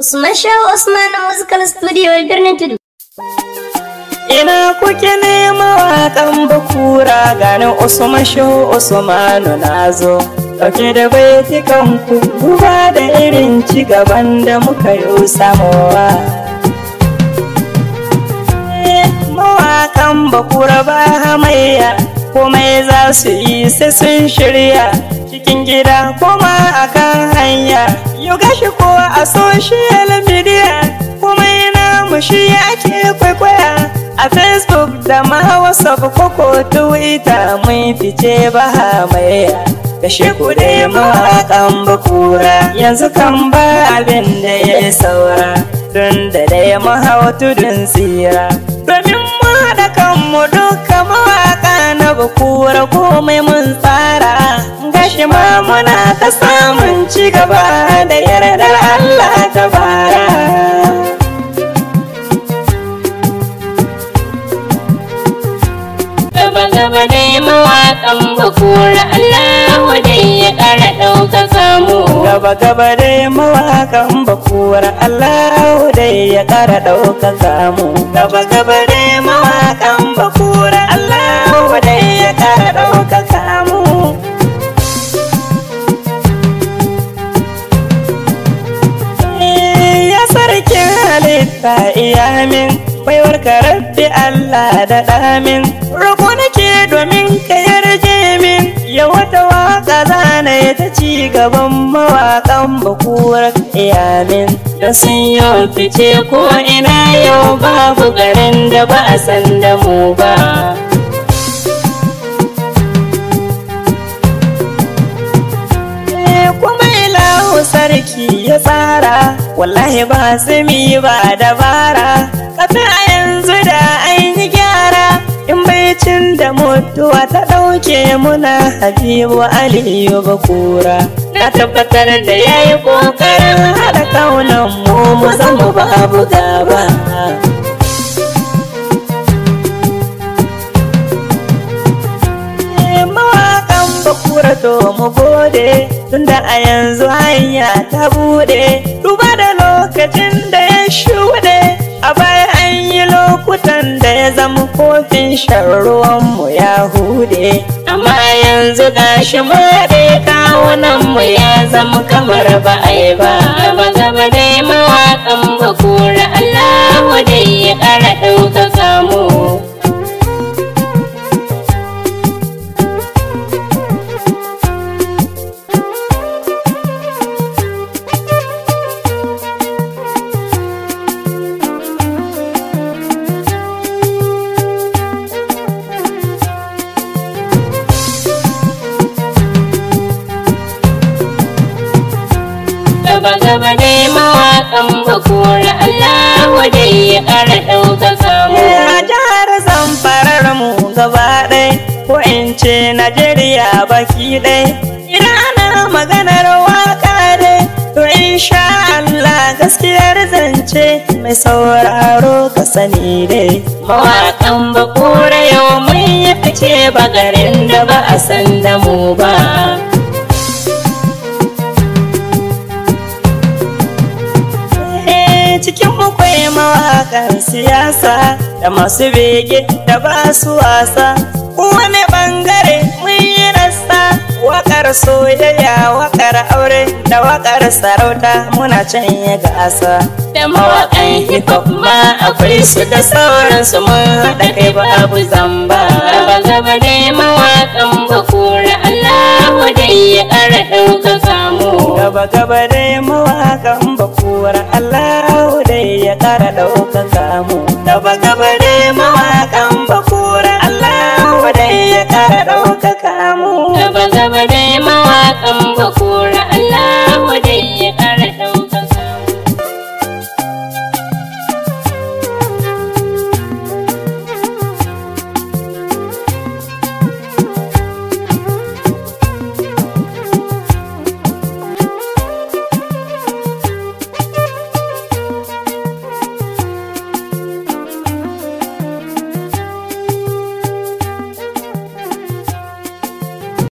Usman Osman Musical Studio birnin Ina kuke ne mawaƙan bakura ganin Usman Shehu Usmanu na zo. kake da baitikan ku duba da irin ci gaban da muka yi samowa. Eh, mawaƙan bakura ba hamayya komai za su yi sai sun shirya cikin gida kuma akan yau gashi kowa a social media kuma yana mushi ake kwaikwaya a facebook da ma whatsapp koko twitter mun fice ba mai da sheku dai mawaƙan bakura yanzu kan ba abin da ya saura don da dai mahautu tudun tsira domin mu haɗa kanmu duka mawaƙa na bakura komai mun tsara ma muna ta samun ci gaba da yardar Allah ta bara Gaba-gaba dai mawaƙan bakura Allah dai ya ƙara ɗaukaka mu. Gaba-gaba dai mawaƙan bakura Allah dai ya ƙara ɗaukaka mu. Gaba-gaba dai mawaƙan bakura Allah iyamin iya min baiwar ka rabbi Allah da damin roƙo nake domin ka yarje min ya wata waka zana ya ta ci gaban mawaƙan bakuwar iyamin da sun yau fice ko ina yau babu garin da ba a san da mu ba wallahi ba su mi ba dabara kafin a yanzu da an gyara in baicin da mutuwa ta ɗauke muna habibu aliyu ba kura na tabbatar da ya yi ƙoƙarin haɗa kaunan mu mu zama babu gaba eh, bakura to mu gode tunda a yanzu hanya ta buɗe duba da lokacin da ya shuɗe a baya an yi lokutan da ya zama kofin shan mu ya hude amma yanzu gashi ma dai kawunanmu ya zama kamar ba a yi ba ba dai mawaƙan bakura gaba gaba dai mawaƙan bakura Allah dai ya ƙara ɗaukaka mu. A jihar zamfarar mu gaba ɗai ko in ce Najeriya baki ɗai. Ina na maganar waƙa dai to insha Allah gaskiyar zance mai sauraro ka sani dai. Mawaƙan bakura yau mun yi fice ba garin da ba a san da mu ba. bakwai mawakan siyasa da masu bege da ba su wasa wani bangare mun yi rasa wakar soyayya wakar aure da wakar sarauta muna canye gasa da mawakan hip hop ma akwai su da sauransu mun haɗa kai babu zamba ba gaba dai mawakan bakura allahu dai ya ƙara ɗaukaka mu gaba gaba ƙara ɗaukan kamu. Gaba gaba ne